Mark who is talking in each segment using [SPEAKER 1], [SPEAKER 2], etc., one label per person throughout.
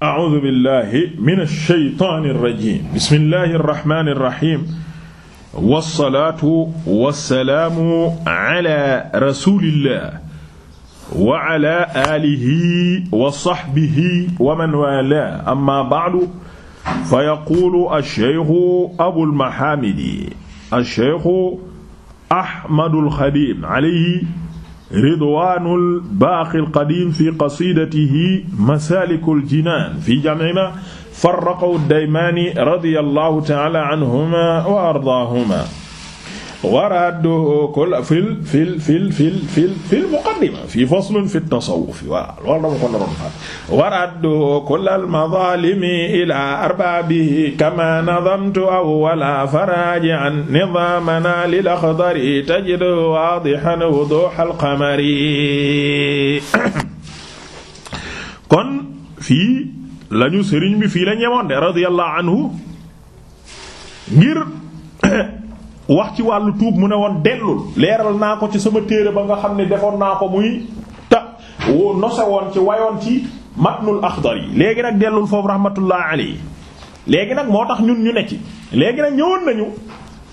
[SPEAKER 1] a'uudu billahi mina shaytaani rajiim bismillahi rahmaani rahiim wasalaatu wasalaamu ala rasulillah wa ala aalihi wa sahbihi wa man waalaahu amma ba'du fa yaquulu ash-shaykhu abul mahaamidi ash-shaykhu Ahmadul Xadiim alayhi ridwaanul baaqil qadiim fi qasiidatihi masaalikul jinaan fi jamci maa farraqahu daymaani radiyallahu ta'aala anhumaa wa ardaahumaa waradduhu kul fil fil fil fil fil fil muqaddima fii faslun fi tasawuf voilà loolu dama ko naroon faat waradduhu kul al madalimi ila arbabihi kama nadamtu awwala faraji'an nidamana lil akhdari tajidu wadihan wuduh al qamari kon fii lañu sëriñ bi fii la ñemoon de radiyallahu anhu ngir wax ci wàllu tuub mu ne woon dellul leeral naa ko ci sama téere ba nga xam ne defoon naa ko muy ta nose woon ci wayoon ci matnul axdar yi léegi nag dellul foofu rahmatullah alayhi léegi nag moo tax ñun ñu ne ci léegi nag ñëwoon nañu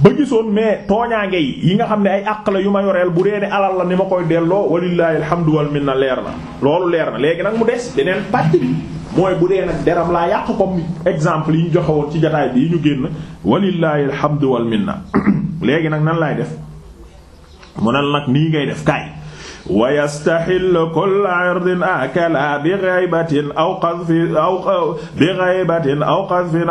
[SPEAKER 1] ba gisoon mais tooñaange yi yi nga xam ne ay àq la yu ma yoreel bu dee ne alal la ni ma koy delloo walillahi alhamdu wal minna leer na loolu leer na léegi nag mu des beneen pàcc bi mooy bu deram laa yàq comme yi ñu ci jotaay bi yi ñu génn walillahi alhamdu wal minna léegi nag nan laay def mu ne nag nii ngay def kaay akala bi ghaybatin aw qadfin aw bi ghaybatin aw qadfin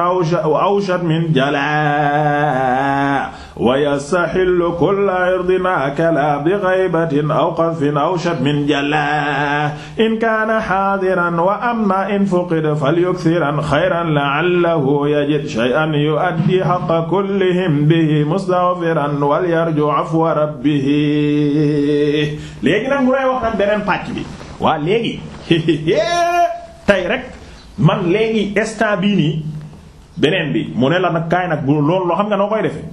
[SPEAKER 1] wa yastaxillu kulla irdin akala bi gaybatin aw qadfin aw shatmin jala in kaana xaadiran wa amma in fuqid falyukthiran xayran la'allahu yajid shay'an yu'addi haqqa kullihim bihi mustaghfiran wal yarju afwa rabbih léegi nag mu lay wax nag beneen pàcc bi waa léegi tey rek man léegi instant bii nii beneen bi mu ne la nag kaay nag bu loolu loo xam nga noo koy defee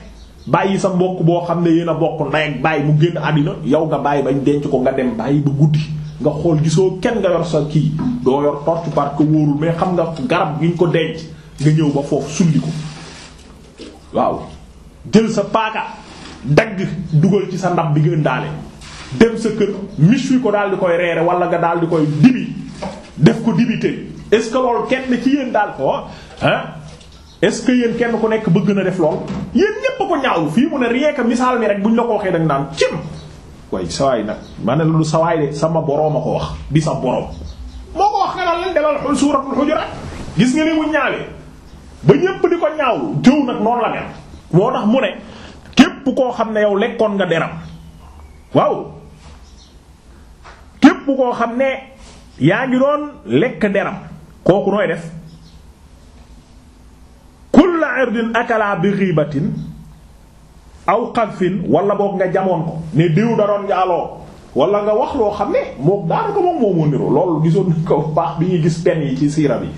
[SPEAKER 1] bàyyi sa mbokk boo xam ne yéen a bokk ndey ak bàyyi mu génn àddina yow nga bàyyi bañ denc ko nga dem bàyyi ba guddi nga xool gisoo kenn nga yor sa kii doo yor torche parce que wóorul mais xam nga garab gi ñu ko denc nga ñëw ba foofu sulli ko waaw jël sa paaka dagg dugal ci sa ndab bi nga ëndaale dem sa kër miche wi ko daal di koy reere wala nga daal di koy dibi def ko dibité est-ce que loolu kenn ci yéen daal ko ah est-ce que yéen kenn ku nekk bëgg na def lool yéen ñépp a ko ñaawlu fii mu ne rien que misaal mi rek buñ la ko waxee dañ naan cim waaye sawaay nag ma ne sawaay de sama boroom a ko wax bi sa boroom moo ko wax nga naan lan demal suuratul Hujurat gis nga ni mu ñaawee ba ñépp di ko ñaawlu jëw nag noonu la mel moo tax mu ne képp koo xam ne yow lekkoon nga deram waaw képp koo xam ne yaa ngi doon lekk deram kooku nooy def irdin akala bi ghibatin aw xadfin wala boog nga jamoon ko ne diw da doon njaaloo wala nga wax loo xam ne moom daanaka moom moo niroo loolu gisoon nañ ko baax bi ñuy gis pen yi ci siira bi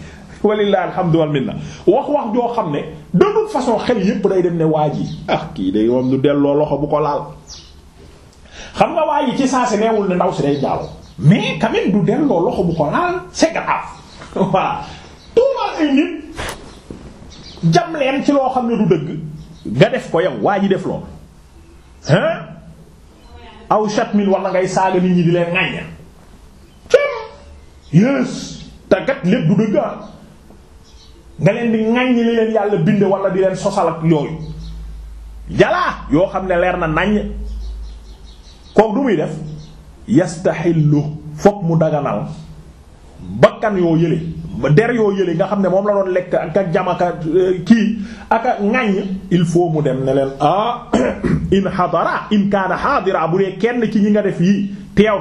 [SPEAKER 1] walillahi alhamdu wal minna wax wax joo xam ne de toute façon xel yépp day dem ne waa ji ah kii day moom du delloo loxo bu ko laal xam nga waa ji ci saa si neewul ne ndaw si day njaaloo mais quand du delloo loxo bu ko laal c'est grave voilà tout ay nit jam leen ci loo xam ne du dëgg nga def ko yow waa ji def lool hein aw chatmil wala ngay saaga nit ñi di leen ŋàñña yées tàggat lépp du dëgg ah. nga leen di ŋàññ li leen yàlla bind wala di leen sosal ak yooyu jalaa yoo xam ne leer na naññ kook du muy def yastaxillu fokk mu daganal bakkan yoo yële der yoo yële nga xam ne moom la doon lekk ak ak jamaka euh, kii ak a ŋaññ il faut mu dem ne leen ah in hadara in kaana hadira bu dee kenn ci ñi nga def yii teew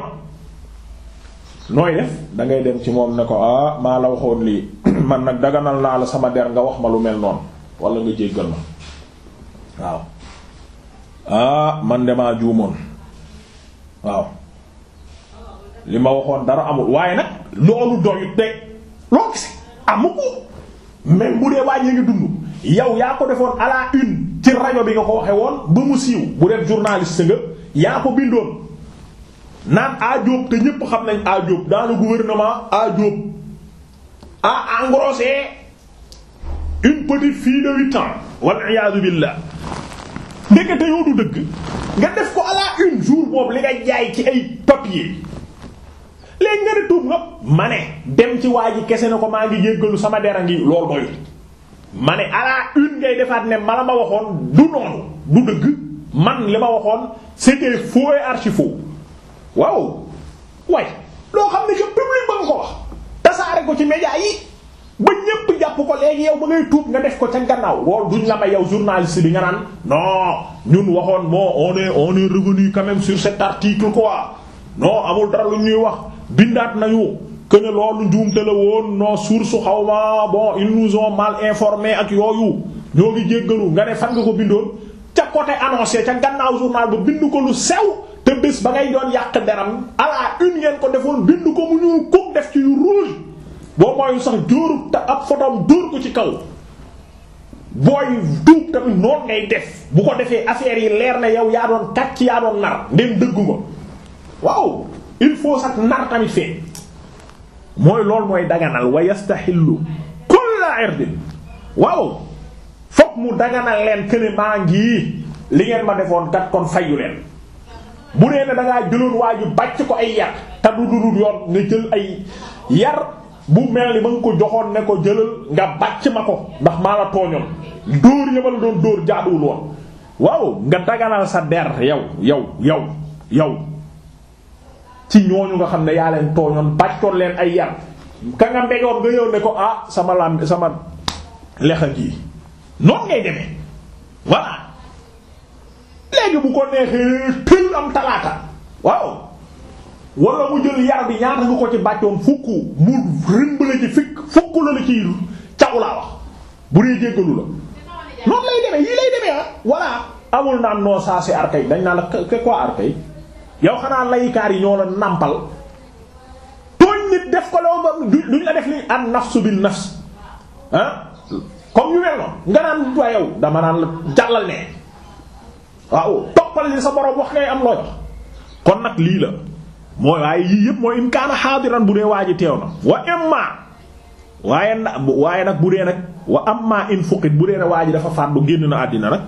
[SPEAKER 1] na nooy def da dem ci moom ne ko ah maa la waxoon lii man nag daganal naa la sama der nga wax ma lu mel noonu wala nga jéggal ma waaw ah man demaa juumoon waaw li ma waxoon dara amul waaye nag loolu doyut teg loo gis amu ko même bu dee wàññi ngi dund yow yaa ko defoon à la une ci rajo bi nga ko waxee woon ba mu siiw bu def journaliste nga yaa ko bindoon naan Ajob te ñépp xam nañ Ajob dans le gouvernement Ajob a engrossé une petite fille de huit ans wal iyaadu billah ndekete yow dëgg nga def ko à la une jour boobu li nga jaay ci ay papier léegi nga ne tuub nga ma ne dem ci waaju kese na ko maa ngi jéggalu sama dera ngi loolu doy ma ne à la une ngay defaat ne mala ma waxoon du noonu du dëgg man li ma waxoon c'était faux et archi faux waaw way loo xam ne que public ba nga ko wax tasaare ko ci média yi ba ñépp jàpp ko léegi yow ba ngay tuub nga def ko ca gannaaw loolu duñ la ma yow journaliste bi nga naan non ñun waxoon bon on est on est revenu quand même sur cet article quoi amul dara lu ñuy wax bindaat nañu que ne loolu njuumte la woon non source xaw ma bon ils nous ont mal informé ak yooyu ñoo ngi jéggalu nga ne fan nga ko bindoon ca côté annoncé ca gannaaw journal ba bind ko lu sew te bés ba ngay doon yàq deram à une ngeen ko defoon bind ko mu ñuul kook def ci yu rouge boo mooy sax jóoru te ab photom dóor ko ci kaw booy tuub tamit noonu ngay def bu ko defee affaire yi leer na yow yaa doon kàcc yaa doon nar ndeen dëggu waaw il faut sax nar tamit feeñ mooy loolu mooy daganal wa yastaxillu kulla irdin waaw fokk mu daganal leen këne maa ngi li ngeen ma defoon kat kon fayu leen bu nee ne dangaa jëloon waa ji bàcc ko ay yar te du dudul yoon nga jël ay yar bu mel ni ba nga ko joxoon ne ko jëlal nga bàcc ma ko ndax maa la tooñoon dóor yëmal doon dóor jaaduwul woon waaw nga daganal sa der yow yow yow ci ñooñu nga xam ne yaa leen tooñoon bàccoon leen ay yar ka nga mbegoon nga yow ne ko ah sama lam sama lexa gii noonu ngay demee voilà léegi bu ko neexee tël am talaata waaw wala mu jël yar bi ñaata nga ko ci bàccoon fukk mu rimbale ci fikk fukk la la ci cagu laa wax bu dee jéggalu la noonu lay demee yii lay demee ah voilà amul naan non ça c'est archaïque dañ naan la que quoi yow xanaa laykaar yi ñoo la nàmpal tooñ nit def ko loo ba duñ la def li an nafsu bin nafs ah comme ñu mel nga naan waa dama naan la jàllal ne waaw toppal li sa borom wax ngay am loo kon nag lii la mooy waaye yii yëpp mooy in kaana xaadiran bu dee waa ji teew na wa imma waaye na waaye nag bu dee nag wa amma in fuqit bu dee ne waa ji dafa faat bu génn na àddina nag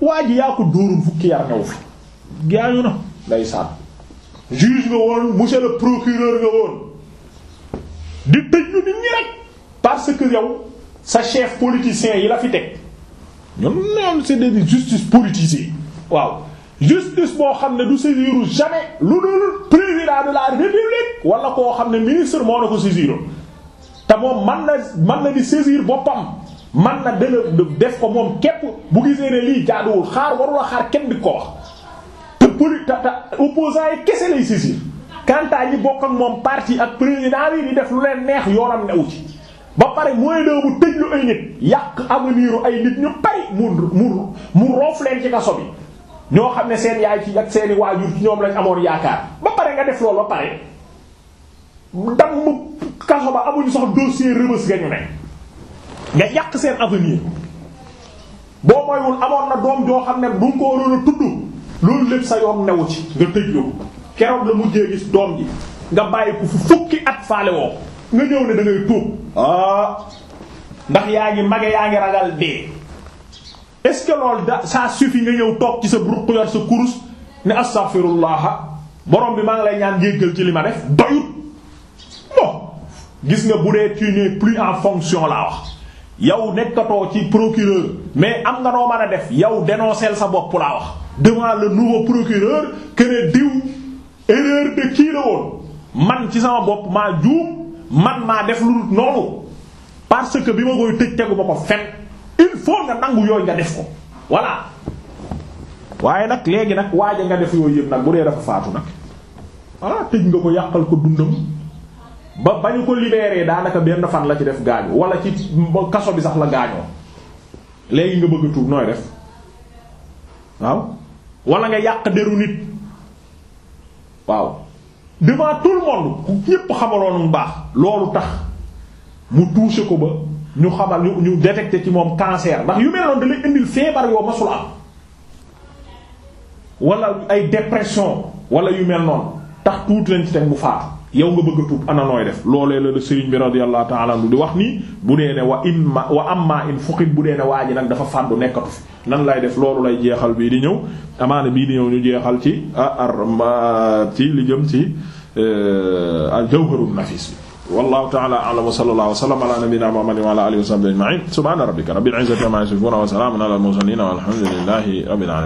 [SPEAKER 1] waa yaa ko dóorul fukki yar new fi gaañu na ndeysaan juge nga woon monsieur le procureur nga woon di tëj nit ñi rek parce que yow sa chef politicien yi la fi teg ñun noonu c'est des justice politisée waaw justice boo xam ne du saisiru jamais lu dul président de la république wala koo xam ne ministre moo na ko saisiroon te moom man na man na di saisir boppam man na dana def ko moom képp bu gisee ne lii jaaduwul xaar warula xaar kenn di ko wax poli ta ta opposants yi kese lay saisir kantaa yi bokk ak moom parti ak président bi di def lu leen neex yoonam newu ci ba pare mooy doo bu tëj lu ay nit yàq aveniru ay nit ñu bari mu mu mu roof leen ci kaso bi ñoo xam ne seen yaay ci ak seeni waajur ñoom lañ amoon yaakaar ba pare nga def loolu ba pare dam kaso ba amuñu sax dossier rëbës nga ñu ne nga yàq seen avenir boo moywul amoon na doom joo xam ne du nga ko waroon tudd loolu lépp sa yoon newu ci nga tëj loolu keroog la mujjee gis doom ji nga bàyyi ko fu fukki at faale nga ñëw ne dangay ngay ah, ndax yaa ngi mage yaa ngi ragal dee est-ce que loolu da ça suffit nga ñëw toog ci sa ruq yor sa kurus ne astaghfirullah borom bi maa lay ñaan jéggal ci lima ma def doyut bon gis nga bu dee tu n'es plus en fonction laa wax yow nekkatoo ci procureur mais am nga noo mën a def yow dénoncer sa bopp laa wax. devant le nouveau procureur que ne diw erreur de kii la woon man ci sama bopp maa juum man maa def lu dul noonu parce que bi ma koy tëj tegu ma ko fen il faut nga nangu yooyu nga def ko voilà waaye nag léegi nag waaja nga def yooyu yëpp nag bu dee dafa faatu nag voilà tëj nga ko yàqal ko dundam ba bañu ko libéré daanaka benn fan la ci def gaañu wala ci kaso bi sax la gaañoo léegi nga bëgg a tuub nooy def waaw wala nga yàq deru nit waaw devant tout le monde ku ñépp xamaloon mu baax loolu tax mu touché ko ba ñu xamal ñu ñu détecté ci moom cancer ndax yu mel noonu da indil feebar yoo masul am wala ay dépression wala yu mel noonu tax tuuti leen ci teg mu faatu yow nga bëgg a tuub ana nooy def loolee la la sëriñ bi radiyallahu ta'ala anhu di wax nii bu dee ne wa imma wa amma in fuqit bu dee ne waa ji nag dafa fàndu nekkatu fi nan lay def loolu lay jeexal bii di ñëw amaana bii di ñëw ñu jeexal ci ar ci li jëm ci euh, al jawharun nafis bi wallahu ta'ala a'lam wa sallallahu wa sallama ala nabiyyina muhammadin wa ala alihi wa sahbihi ajma'in subhana rabbika rabbil izzati amma yasifun wa salamun ala al mursalin walhamdulillahi rabbil alamin